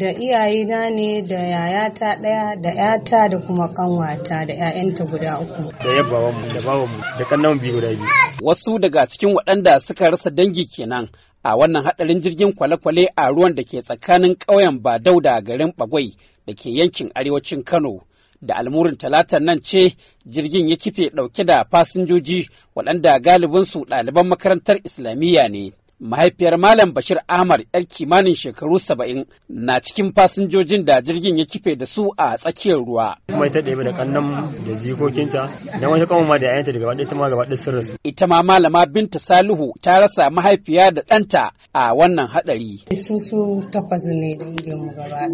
Da iyayena ne da yayata ɗaya da ƴata da kuma ƙanwata da ƴaƴanta guda uku. Da mu da mu da kannan biyu guda biyu. Wasu daga cikin waɗanda suka rasa dangi kenan a wannan haɗarin jirgin kwale-kwale a ruwan da ke tsakanin ƙauyen Badau da garin Bagwai da ke yankin arewacin Kano. Da almurin talatan nan ce jirgin ya kife ɗauke da fasinjoji waɗanda galibinsu ɗaliban makarantar Islamiyya ne. mahaifiyar Malam Bashir Ahmad yar kimanin shekaru saba'in na cikin fasinjojin da jirgin ya kife da su a tsakiyar ruwa. Kuma ita ɗaya da kannan da jikokinta da wata kama ma da yayanta daga wadda ta ma gaba sun Ita ma malama Binta Salihu ta rasa mahaifiya da ɗanta a wannan haɗari. Su su takwas ne dangin mu gaba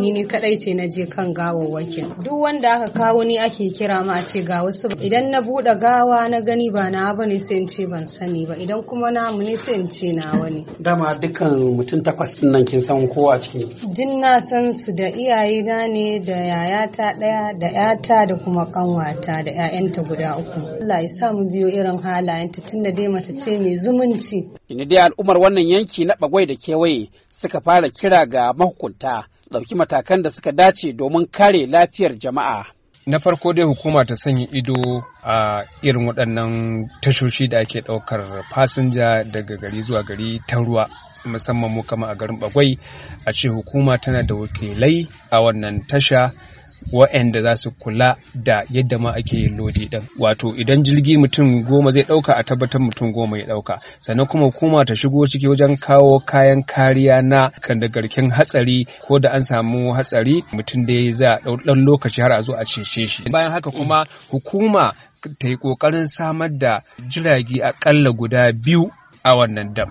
Ni ne kaɗai ce na je kan gawawwakin. Duk wanda aka kawo ni ake kira ma a ce ga wasu. Idan na buɗe gawa na gani ba na ba ne sai in ce ban sani ba. Idan kuma na mu ne sai in ce nawa ne dama dukkan mutum takwas din nan kin san kowa ciki din na san su da iyaye na ne da yayata daya da yata da kuma kanwata da ƴaƴanta guda uku Allah ya sa mu biyo irin halayen ta tunda dai mace ce mai zumunci ina dai al'ummar wannan yanki na bagwai da kewaye suka fara kira ga mahukunta ɗauki matakan da suka dace domin kare lafiyar jama'a na farko dai hukuma ta sanya ido a irin waɗannan tashoshi da ake ɗaukar fasinja daga gari zuwa gari ta ruwa musamman mu kama a garin bagwai a ce hukuma tana da wakilai a wannan tasha wa'anda za su kula da yadda ma ake yin lodi din wato idan jirgi mutum goma zai ɗauka, a tabbatar mutum goma ya ɗauka. sannan kuma hukuma ta shigo ciki wajen kawo kayan kariya na kan garken hatsari ko da an samu hatsari mutum da ya za a ɗan lokaci har a zo a cece shi bayan haka kuma hukuma ta yi ƙoƙarin samar da jirage akalla guda biyu a wannan dam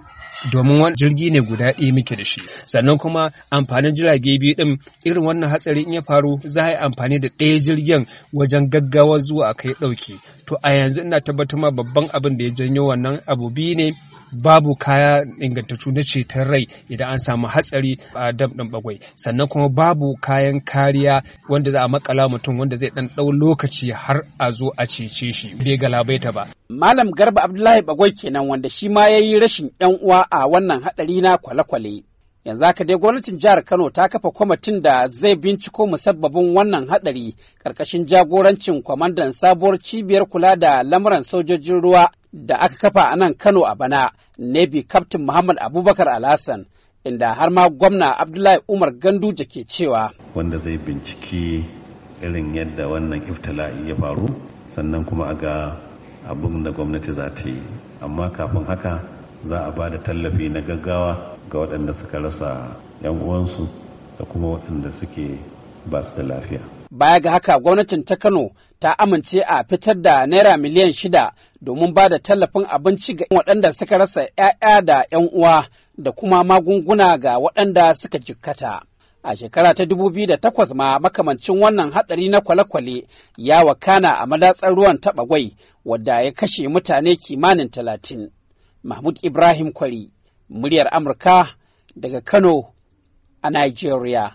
domin wani jirgi ne guda ɗaya muke da shi sannan kuma amfanin jirage biyu ɗin irin wannan hatsari in ya faru za a yi amfani da ɗaya jirgin wajen gaggawa zuwa a kai ɗauki to a yanzu ina tabbatar ma babban abin da ya janyo wannan abu biyu ne babu kaya ingantattu na ceton rai idan an samu hatsari a dam ɗin bagwai sannan kuma babu kayan kariya wanda za a makala mutum wanda zai ɗan ɗau lokaci har a zo a cece shi bai galabaita ba. Malam Garba Abdullahi Bagwai kenan wanda shi ma ya yi rashin 'yan uwa a wannan haɗari na kwale-kwale. yanzu haka dai gwamnatin jihar kano ta kafa kwamitin da zai binciko musabbabin wannan hadari karkashin jagorancin kwamandan sabuwar cibiyar kula da lamuran sojojin ruwa da aka kafa a nan Kano a bana, Nebi Kaftin Muhammad Abubakar Alhassan, inda har ma gwamna Abdullahi Umar Ganduje ke cewa. Wanda zai binciki irin yadda wannan iftila'i ya faru, sannan kuma a ga abin da gwamnati za ta yi. Amma kafin haka za a ba da tallafi na gaggawa ga waɗanda suka rasa 'yan uwansu da kuma waɗanda suke ba su da lafiya. Baya ga haka gwamnatin ta Kano ta amince a fitar da naira miliyan shida domin ba da tallafin abinci ga waɗanda suka rasa 'ya'ya da 'yan uwa da kuma magunguna ga waɗanda suka jikkata. A shekara ta dubu biyu da takwas ma makamancin wannan hatsari na kwale-kwale ya wakana a madatsar ruwan gwai wadda ya kashe mutane kimanin talatin. Mahmud Ibrahim Kwari, muryar Amurka daga Kano a Nigeria.